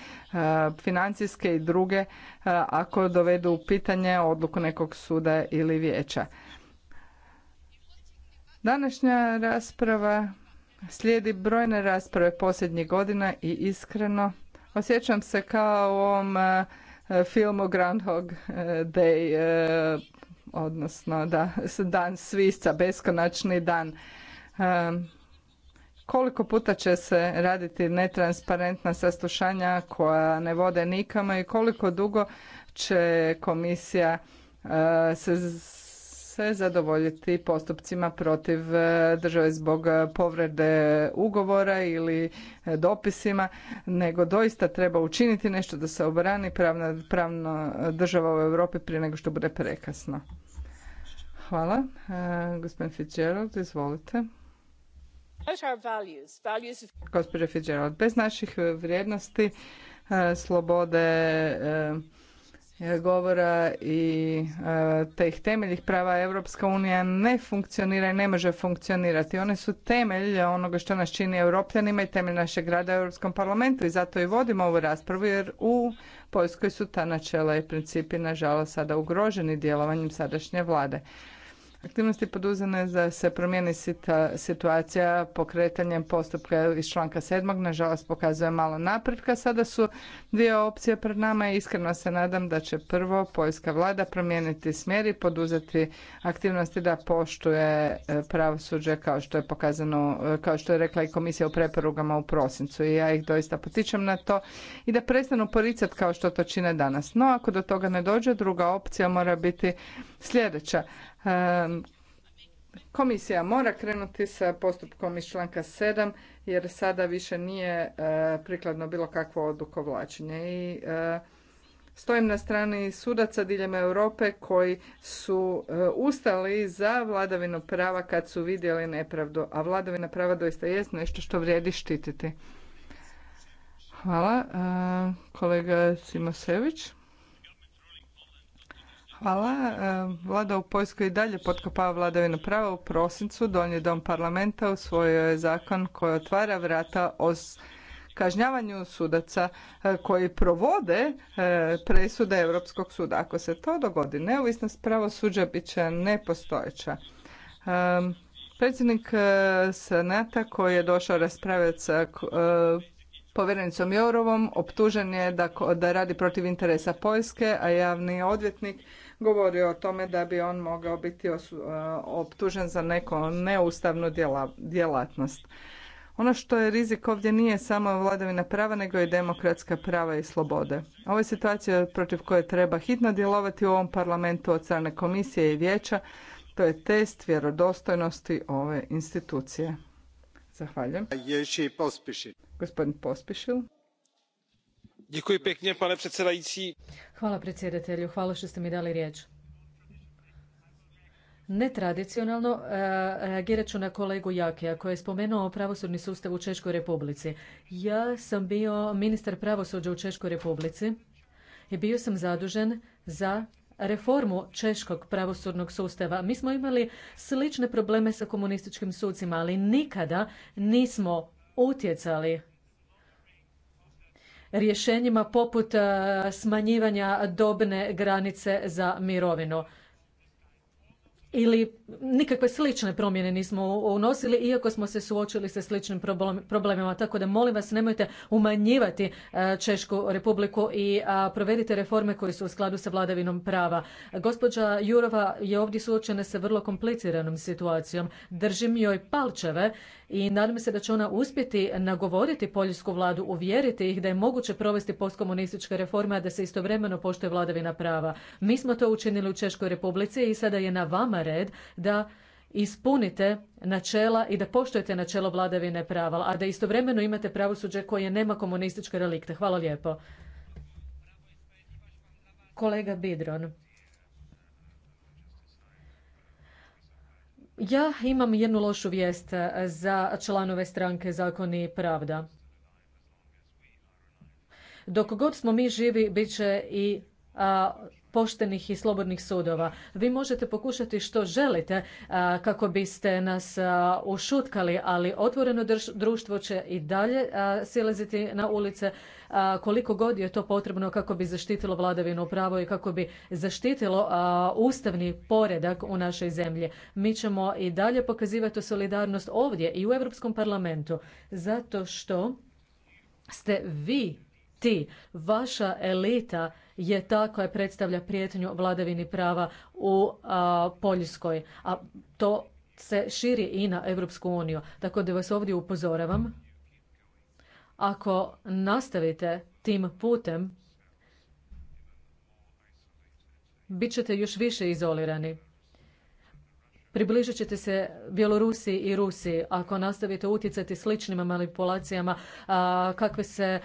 financijske i druge ako dovedu u pitanje odluku nekog suda ili vijeća. Današnja rasprava Slijedi brojne rasprave posljednjih godina i iskreno osjećam se kao u ovom e, filmu Groundhog e, Day, e, odnosno da, dan svisca, beskonačni dan. Koliko puta će se raditi netransparentna sastušanja koja ne vode nikama i koliko dugo će komisija se se zadovoljiti postupcima protiv e, države zbog e, povrede ugovora ili e, dopisima, nego doista treba učiniti nešto da se obrani pravna, pravna država u Europi prije nego što bude prekasno. Hvala. Gospodin Fitzgerald, izvolite. Gospodin Fitzgerald, bez naših vrijednosti, slobode, govora i e, teh temeljih prava Europska unija ne funkcionira i ne može funkcionirati. One su temelj onoga što nas čini europljanima i temelj našeg rada u Europskom parlamentu i zato i vodimo ovu raspravu jer u Poljskoj su ta načela i principi nažalost sada ugroženi djelovanjem sadašnje vlade. Aktivnosti poduzene da se promijeni situacija pokretanjem postupka iz članka 7. nažalost pokazuje malo napretka. Sada su dvije opcije pred nama i iskreno se nadam da će prvo poljska vlada promijeniti smjer i poduzeti aktivnosti da poštuje e, pravosuđe kao što je pokazano, e, kao što je rekla i komisija u preporugama u prosincu i ja ih doista potičem na to i da prestanu poricati kao što to čine danas. No ako do toga ne dođe, druga opcija mora biti sljedeća Komisija mora krenuti sa postupkom iz članka 7 jer sada više nije e, prikladno bilo kakvo odukovlačenje i e, stojim na strani sudaca diljem Europe koji su e, ustali za vladavinu prava kad su vidjeli nepravdu, a vladavina prava doista jest nešto što vrijedi štititi. Hvala. Kolega Simosević. Hvala. E, Vlada u Poljskoj i dalje potkopava vladavinu prava. U prosincu Donji dom parlamenta usvojio je zakon koji otvara vrata o kažnjavanju sudaca e, koji provode e, presude Europskog suda. Ako se to dogodi, neovisnost pravosuđa bit će nepostojeća. Predsjednik Senata koji je došao raspravljati sa povjerenicom Jourovom optužen je da, da radi protiv interesa Poljske, a javni odvjetnik govorio o tome da bi on mogao biti e, optužen za neko neustavnu djelatnost. Ono što je rizik ovdje nije samo vladavina prava, nego i demokratska prava i slobode. Ovo je situacija protiv koje treba hitno djelovati u ovom parlamentu od strane komisije i vijeća. To je test vjerodostojnosti ove institucije. Zahvaljujem. Gospodin Pospišil. Hvala predsjedatelju, hvala što ste mi dali riječ. Netradicionalno e, reagirat ću na kolegu Jakija koji je spomenuo pravosudni sustav u Češkoj republici. Ja sam bio ministar pravosuđa u Češkoj republici i bio sam zadužen za reformu češkog pravosudnog sustava. Mi smo imali slične probleme sa komunističkim sucima, ali nikada nismo utjecali rješenjima poput e, smanjivanja dobne granice za mirovinu ili nikakve slične promjene nismo unosili iako smo se suočili sa sličnim problemima. Tako da molim vas nemojte umanjivati e, Češku republiku i e, provedite reforme koje su u skladu sa vladavinom prava. Gospođa Jurova je ovdje suočena sa vrlo kompliciranom situacijom. Držim joj palčeve i nadam se da će ona uspjeti nagovoriti poljsku vladu, uvjeriti ih da je moguće provesti postkomunističke reforme, a da se istovremeno poštuje vladavina prava. Mi smo to učinili u Češkoj republici i sada je na vama red da ispunite načela i da poštujete načelo vladavine prava, a da istovremeno imate pravosuđe koje nema komunističke relikte. Hvala lijepo. Kolega Bidron. Ja imam jednu lošu vijest za članove stranke Zakon i pravda. Dok god smo mi živi, bit će i poštenih i slobodnih sudova. Vi možete pokušati što želite kako biste nas ušutkali, ali otvoreno društvo će i dalje silaziti na ulice koliko god je to potrebno kako bi zaštitilo vladavinu pravo i kako bi zaštitilo ustavni poredak u našoj zemlji. Mi ćemo i dalje pokazivati solidarnost ovdje i u Europskom parlamentu zato što ste vi ti, vaša elita je ta koja predstavlja prijetnju vladavini prava u Poljskoj, a to se širi i na Europsku uniju. Tako da vas ovdje upozoravam, ako nastavite tim putem, bit ćete još više izolirani. Približit ćete se Bjelorusiji i Rusiji ako nastavite utjecati sličnim manipulacijama kakve se,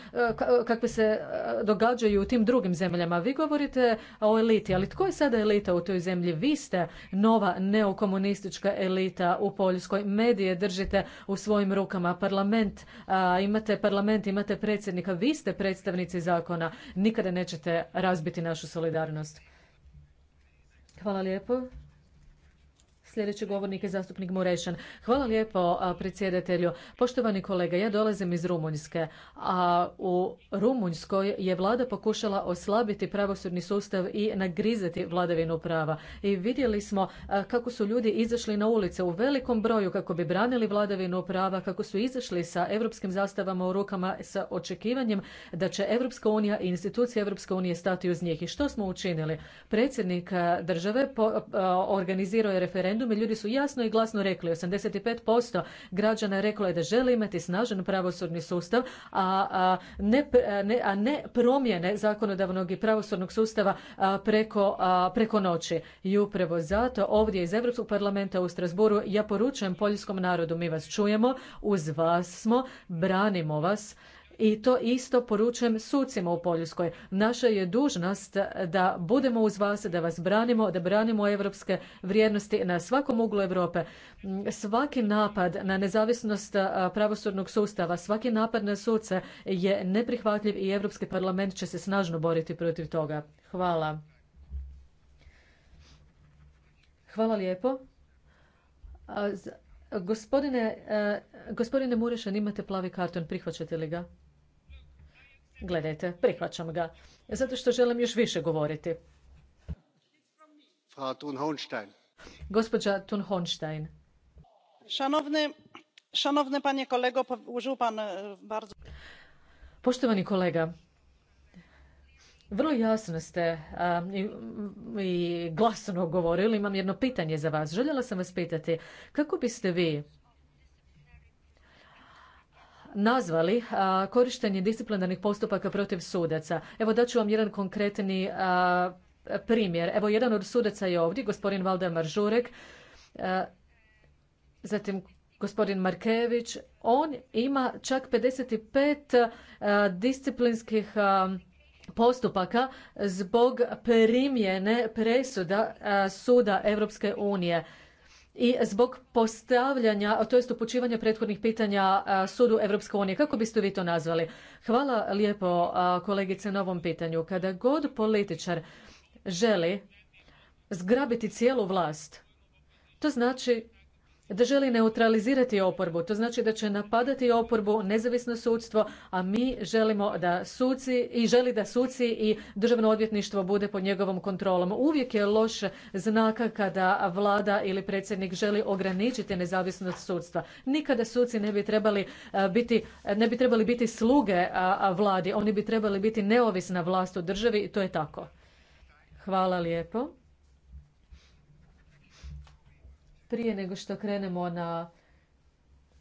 kakve se događaju u tim drugim zemljama. Vi govorite o eliti, ali tko je sada elita u toj zemlji? Vi ste nova neokomunistička elita u Poljskoj. Medije držite u svojim rukama, parlament, imate parlament, imate predsjednika, vi ste predstavnici zakona. Nikada nećete razbiti našu solidarnost. Hvala lijepo. Sljedeći govornik je zastupnik Murešan. Hvala lijepo predsjedatelju. Poštovani kolega, ja dolazim iz Rumunjske, a u Rumunjskoj je vlada pokušala oslabiti pravosudni sustav i nagrizati vladavinu prava. I vidjeli smo kako su ljudi izašli na ulice u velikom broju kako bi branili vladavinu prava, kako su izašli sa europskim zastavama u rukama sa očekivanjem da će Europska unija i institucije Europske unije stati uz njih. I što smo učinili? Predsjednik države organizirao je referendum referendume ljudi su jasno i glasno rekli, 85% građana je reklo je da žele imati snažan pravosudni sustav, a, ne, ne, a ne promjene zakonodavnog i pravosudnog sustava preko, preko noći. I upravo zato ovdje iz Europskog parlamenta u Strasburu ja poručujem poljskom narodu mi vas čujemo, uz vas smo, branimo vas, i to isto poručujem sucima u Poljskoj. Naša je dužnost da budemo uz vas, da vas branimo, da branimo evropske vrijednosti na svakom uglu Europe. Svaki napad na nezavisnost pravosudnog sustava, svaki napad na suce je neprihvatljiv i Europski parlament će se snažno boriti protiv toga. Hvala. Hvala lijepo. Gospodine, gospodine Murešan, imate plavi karton, prihvaćate li ga? Gledajte, prihvaćam ga, zato što želim još više govoriti. Frau Thun-Hohenstein. Gospođa Thun-Hohenstein. šanovne kolego, pan e, bardzo... Poštovani kolega, vrlo jasno ste i glasno govorili. Imam jedno pitanje za vas. Željela sam vas pitati kako biste vi nazvali korištenje disciplinarnih postupaka protiv sudaca. Evo daću vam jedan konkretni primjer. Evo jedan od sudaca je ovdje, gospodin Valdemar Žurek, zatim gospodin Markević. On ima čak 55 disciplinskih postupaka zbog primjene presuda suda Europske unije i zbog postavljanja, to jest upućivanja prethodnih pitanja sudu Europske unije. Kako biste vi to nazvali? Hvala lijepo kolegice na ovom pitanju. Kada god političar želi zgrabiti cijelu vlast, to znači da želi neutralizirati oporbu. To znači da će napadati oporbu, nezavisno sudstvo, a mi želimo da suci i želi da suci i državno odvjetništvo bude pod njegovom kontrolom. Uvijek je loš znaka kada vlada ili predsjednik želi ograničiti nezavisnost sudstva. Nikada suci ne bi trebali biti, ne bi trebali biti sluge vladi. Oni bi trebali biti neovisna vlast u državi i to je tako. Hvala lijepo. Prije nego što krenemo na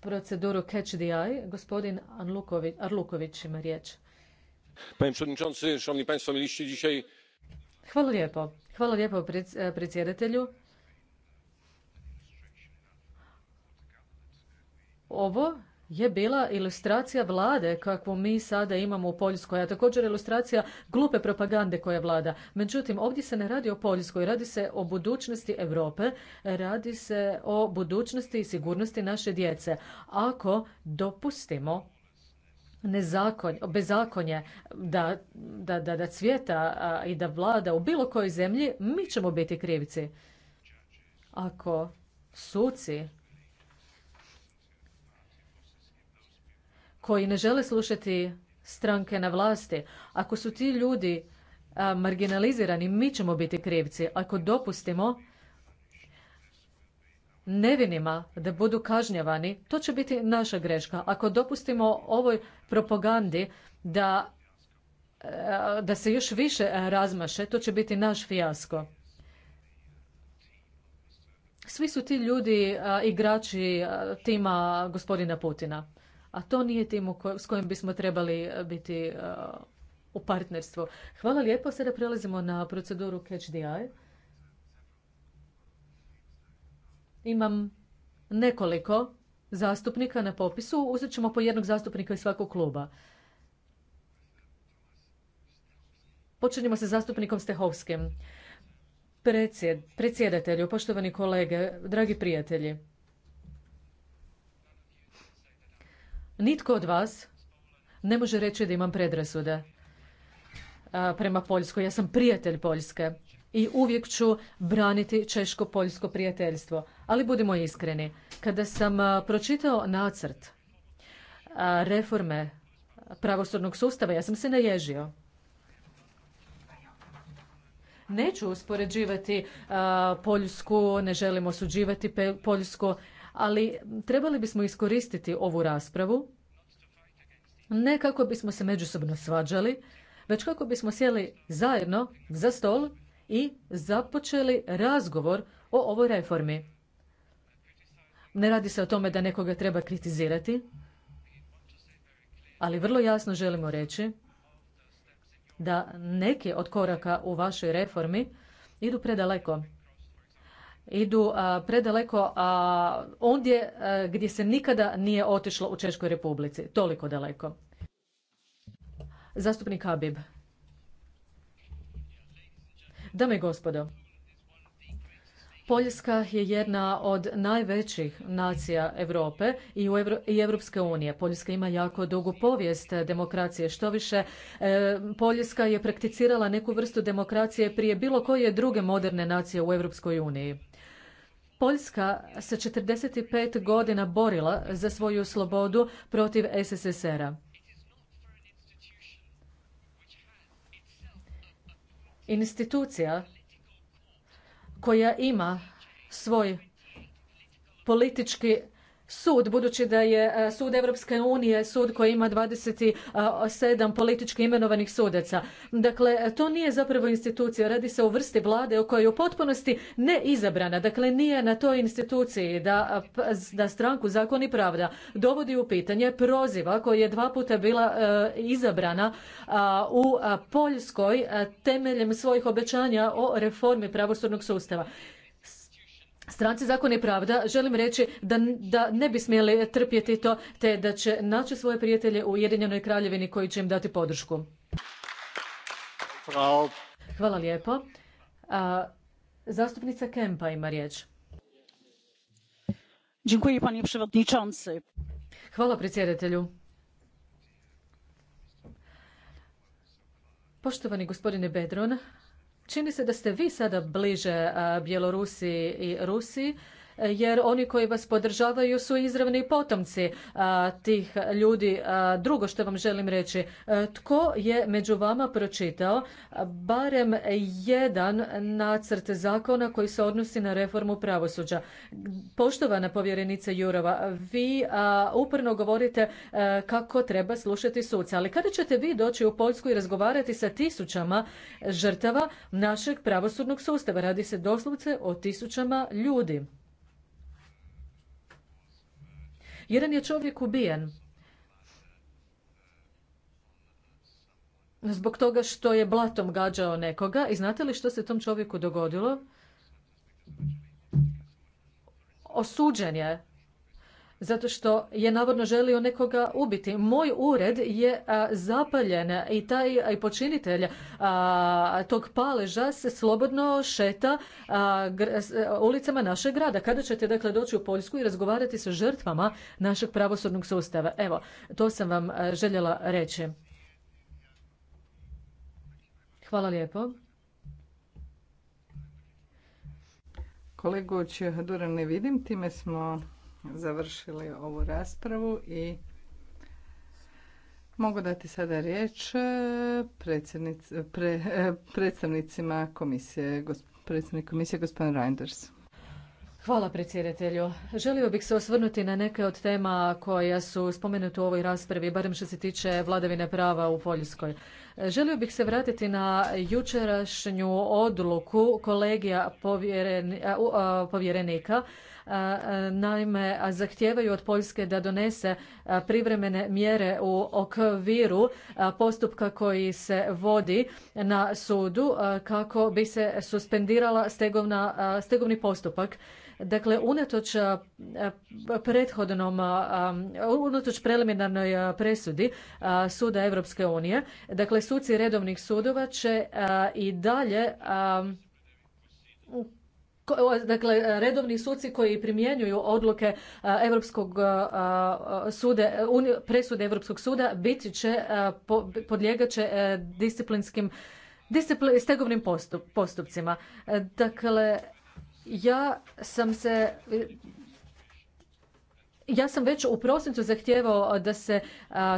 proceduru Catch the Eye, gospodin Arluković, Arluković ima riječ. szanowni państwo, mieliście dzisiaj... Hvala lijepo. Hvala lijepo predsjedatelju. Ovo je bila ilustracija vlade kakvu mi sada imamo u Poljskoj, a također ilustracija glupe propagande koja vlada. Međutim, ovdje se ne radi o Poljskoj, radi se o budućnosti Europe, radi se o budućnosti i sigurnosti naše djece. Ako dopustimo Nezakon, bezakonje da, da, da, da cvjeta i da vlada u bilo kojoj zemlji, mi ćemo biti krivci. Ako suci koji ne žele slušati stranke na vlasti, ako su ti ljudi marginalizirani, mi ćemo biti krivci. Ako dopustimo nevinima da budu kažnjavani, to će biti naša greška. Ako dopustimo ovoj propagandi da, da se još više razmaše, to će biti naš fijasko. Svi su ti ljudi igrači tima gospodina Putina a to nije tim s kojim bismo trebali e, biti e, u partnerstvu. Hvala lijepo, sada prelazimo na proceduru Catch the Eye. Imam nekoliko zastupnika na popisu. Uzet ćemo po jednog zastupnika iz svakog kluba. Počinjemo sa zastupnikom Stehovskim. Predsjedatelju, poštovani kolege, dragi prijatelji. Nitko od vas ne može reći da imam predrasude prema Poljskoj. Ja sam prijatelj Poljske i uvijek ću braniti češko-poljsko prijateljstvo. Ali budimo iskreni, kada sam pročitao nacrt reforme pravosudnog sustava, ja sam se naježio. Neću uspoređivati Poljsku, ne želim osuđivati Poljsku, ali trebali bismo iskoristiti ovu raspravu ne kako bismo se međusobno svađali, već kako bismo sjeli zajedno za stol i započeli razgovor o ovoj reformi. Ne radi se o tome da nekoga treba kritizirati, ali vrlo jasno želimo reći da neki od koraka u vašoj reformi idu predaleko idu predaleko a ondje gdje se nikada nije otišlo u Češkoj republici. Toliko daleko. Zastupnik Habib. Dame i gospodo, Poljska je jedna od najvećih nacija Europe i, u i Evropske unije. Poljska ima jako dugu povijest demokracije. Što više, e, Poljska je prakticirala neku vrstu demokracije prije bilo koje druge moderne nacije u Europskoj uniji. Poljska se 45 godina borila za svoju slobodu protiv SSSR-a. Institucija koja ima svoj politički sud, budući da je e, sud Europske unije sud koji ima 27 politički imenovanih sudaca. Dakle, to nije zapravo institucija, radi se o vrsti vlade kojoj je u potpunosti ne izabrana. Dakle, nije na toj instituciji da, da stranku Zakon i pravda dovodi u pitanje proziva koja je dva puta bila e, izabrana u Poljskoj temeljem svojih obećanja o reformi pravosudnog sustava. Stranci Zakon i pravda želim reći da, da ne bi smjeli trpjeti to te da će naći svoje prijatelje u Ujedinjenoj kraljevini koji će im dati podršku. Hvala, lijepo. zastupnica Kempa ima riječ. Dziękuję Hvala predsjedatelju. Poštovani gospodine Bedron, Čini se da ste vi sada bliže Bjelorusiji i Rusiji jer oni koji vas podržavaju su izravni potomci tih ljudi. Drugo što vam želim reći, tko je među vama pročitao barem jedan nacrt zakona koji se odnosi na reformu pravosuđa? Poštovana povjerenica Jurova, vi uporno govorite kako treba slušati suce, ali kada ćete vi doći u Poljsku i razgovarati sa tisućama žrtava našeg pravosudnog sustava? Radi se doslovce o tisućama ljudi. Jedan je čovjek ubijen zbog toga što je blatom gađao nekoga i znate li što se tom čovjeku dogodilo? Osuđen je zato što je navodno želio nekoga ubiti. Moj ured je zapaljen i taj i počinitelj tog paleža se slobodno šeta e, ulicama našeg grada. Kada ćete dakle doći u Poljsku i razgovarati sa žrtvama našeg pravosudnog sustava? Evo, to sam vam e, željela reći. Hvala lijepo. Kolegu ne vidim, time smo završili ovu raspravu i mogu dati sada riječ e, e, e, predstavnicima komisije, predsjednik komisije gospodin Reinders. Hvala predsjedatelju. Želio bih se osvrnuti na neke od tema koja su spomenute u ovoj raspravi, barem što se tiče vladavine prava u Poljskoj. Želio bih se vratiti na jučerašnju odluku kolegija povjerenika Naime, zahtijevaju od Poljske da donese privremene mjere u okviru postupka koji se vodi na sudu kako bi se suspendirala stegovni postupak. Dakle, unatoč prethodnom, unatoč preliminarnoj presudi Suda Europske unije, dakle, suci redovnih sudova će i dalje dakle redovni suci koji primjenjuju odluke Europskog suda, presude Europskog suda biti će podlijegat će e, disciplinskim stegovnim postupcima. E, dakle, ja sam se ja sam već u prosincu zahtijevao da se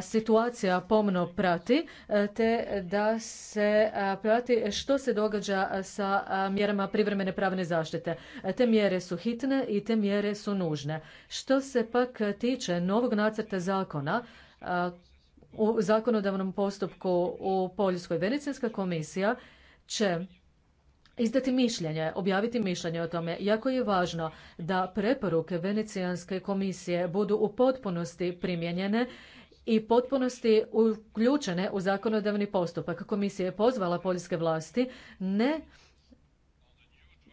situacija pomno prati, e, te da se prati što se događa sa mjerama privremene pravne zaštite. E, te mjere su hitne i te mjere su nužne. Što se pak tiče novog nacrta zakona, u zakonodavnom postupku u Poljskoj Venecijanska komisija će izdati mišljenje, objaviti mišljenje o tome. Jako je važno da preporuke Venecijanske komisije budu u potpunosti primijenjene i potpunosti uključene u zakonodavni postupak. Komisija je pozvala poljske vlasti ne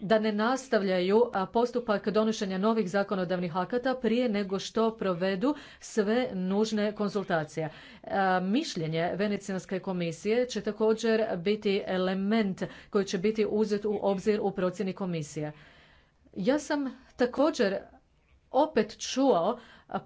da ne nastavljaju postupak donošenja novih zakonodavnih akata prije nego što provedu sve nužne konzultacije. Mišljenje Venecijanske komisije će također biti element koji će biti uzet u obzir u procjeni komisije. Ja sam također opet čuo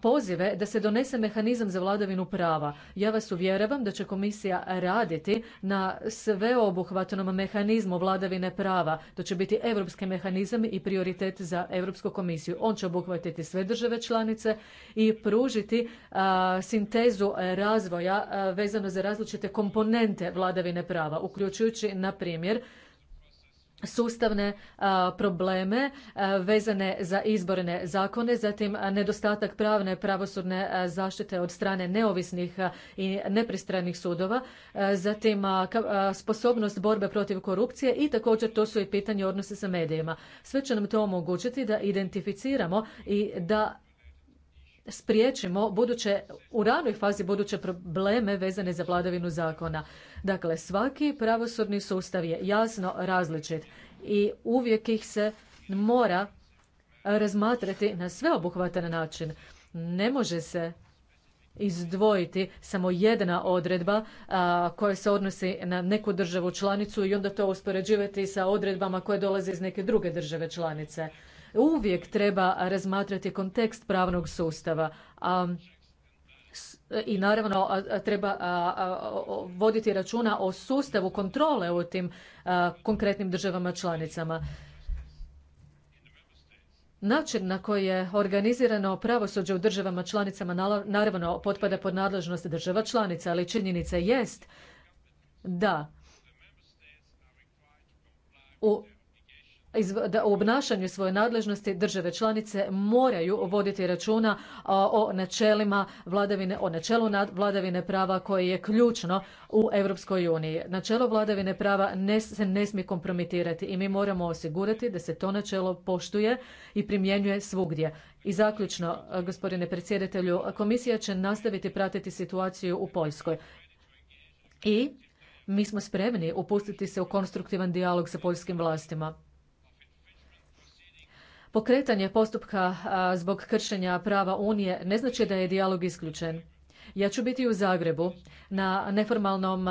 pozive da se donese mehanizam za vladavinu prava. Ja vas uvjeravam da će komisija raditi na sveobuhvatnom mehanizmu vladavine prava. To će biti evropski mehanizam i prioritet za Europsku komisiju. On će obuhvatiti sve države članice i pružiti sintezu razvoja vezano za različite komponente vladavine prava, uključujući, na primjer, sustavne probleme vezane za izborne zakone, zatim nedostatak pravne pravosudne zaštite od strane neovisnih i nepristranih sudova, zatim sposobnost borbe protiv korupcije i također to su i pitanje odnose sa medijima. Sve će nam to omogućiti da identificiramo i da spriječimo buduće, u ranoj fazi buduće probleme vezane za vladavinu zakona. Dakle, svaki pravosudni sustav je jasno različit i uvijek ih se mora razmatrati na sveobuhvatan način. Ne može se izdvojiti samo jedna odredba koja se odnosi na neku državu članicu i onda to uspoređivati sa odredbama koje dolaze iz neke druge države članice. Uvijek treba razmatrati kontekst pravnog sustava. i naravno treba voditi računa o sustavu kontrole u tim konkretnim državama članicama. Način na koji je organizirano pravosuđe u državama članicama naravno potpada pod nadležnost država članica, ali činjenica jest da u da u obnašanju svoje nadležnosti države članice moraju voditi računa o načelima vladavine, o načelu vladavine prava koje je ključno u Europskoj uniji. Načelo vladavine prava ne, se ne smije kompromitirati i mi moramo osigurati da se to načelo poštuje i primjenjuje svugdje. I zaključno, gospodine predsjedatelju, komisija će nastaviti pratiti situaciju u Poljskoj. I mi smo spremni upustiti se u konstruktivan dijalog sa poljskim vlastima. Pokretanje postupka zbog kršenja prava Unije ne znači da je dijalog isključen. Ja ću biti u Zagrebu na neformalnom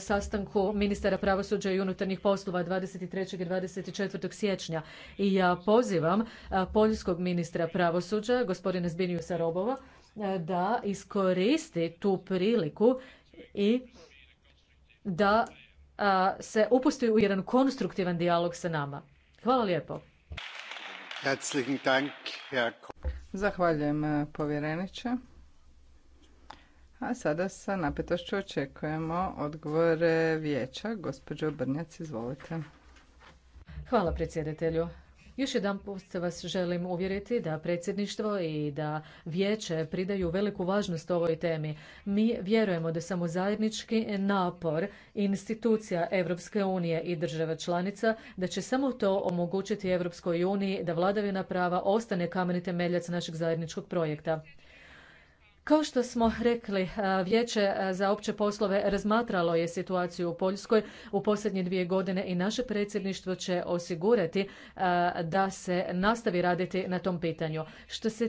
sastanku ministara pravosuđa i unutarnjih poslova 23. i 24. siječnja i ja pozivam poljskog ministra pravosuđa, gospodina zbigniewa Robova, da iskoristi tu priliku i da se upusti u jedan konstruktivan dijalog sa nama. Hvala lijepo. Zahvaljujem eh, povjereniče. A sada sa napetošću očekujemo odgovore vijeća. Gospođo Brnjac, izvolite. Hvala predsjedatelju. Još jedan put vas želim uvjeriti da predsjedništvo i da vijeće pridaju veliku važnost ovoj temi. Mi vjerujemo da samo zajednički napor institucija Europske unije i država članica da će samo to omogućiti Europskoj uniji da vladavina prava ostane kameni temeljac našeg zajedničkog projekta. Kao što smo rekli, Vijeće za opće poslove razmatralo je situaciju u Poljskoj u posljednje dvije godine i naše predsjedništvo će osigurati da se nastavi raditi na tom pitanju. Što se